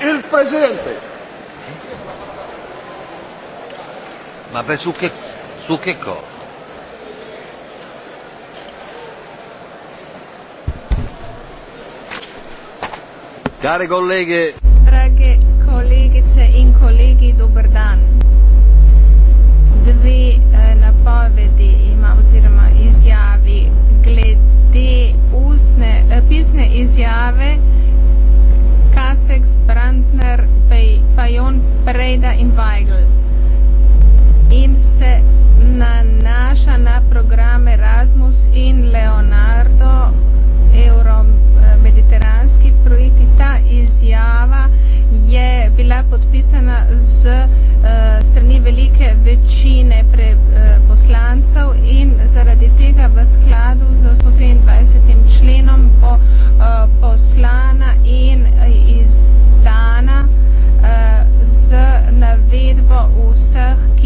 il presidente. Ma beh, su che, su che cosa? Care colleghe. Draghe colleghe, c'è in colleghi d'Oberdan. Dvi eh, na povedi ima oziroma izjavi glede ustne, eh, pisne izjave.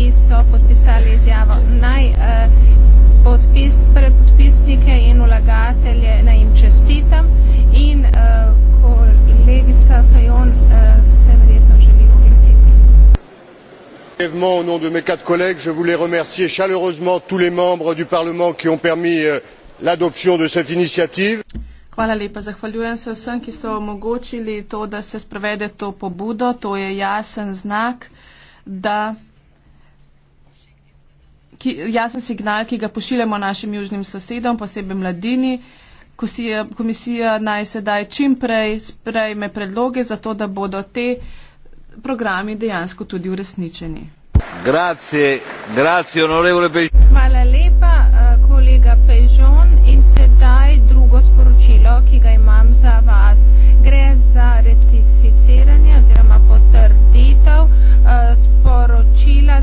ki so podpisali izjavo. Naj eh, podpis, predpisnike in vlagatelje naj jim čestitam in eh, kolegica Fajon eh, se verjetno želi oglasiti. Brevement, au nom de mes quatre collègues, je voulais remercier chaleureusement tous les membres du Parlement qui ont permis euh, l'adoption de cette initiative. Hvala lepa. Zahvaljujem se vsem, ki so omogočili to, da se sprovede to pobudo. To je jasen znak, da ki, jasen signal, ki ga pošiljamo našim južnim sosedom, posebej mladini. Komisija, komisija naj sedaj čim prej sprejme predloge za to, da bodo te programi dejansko tudi uresničeni. Grazie, grazie,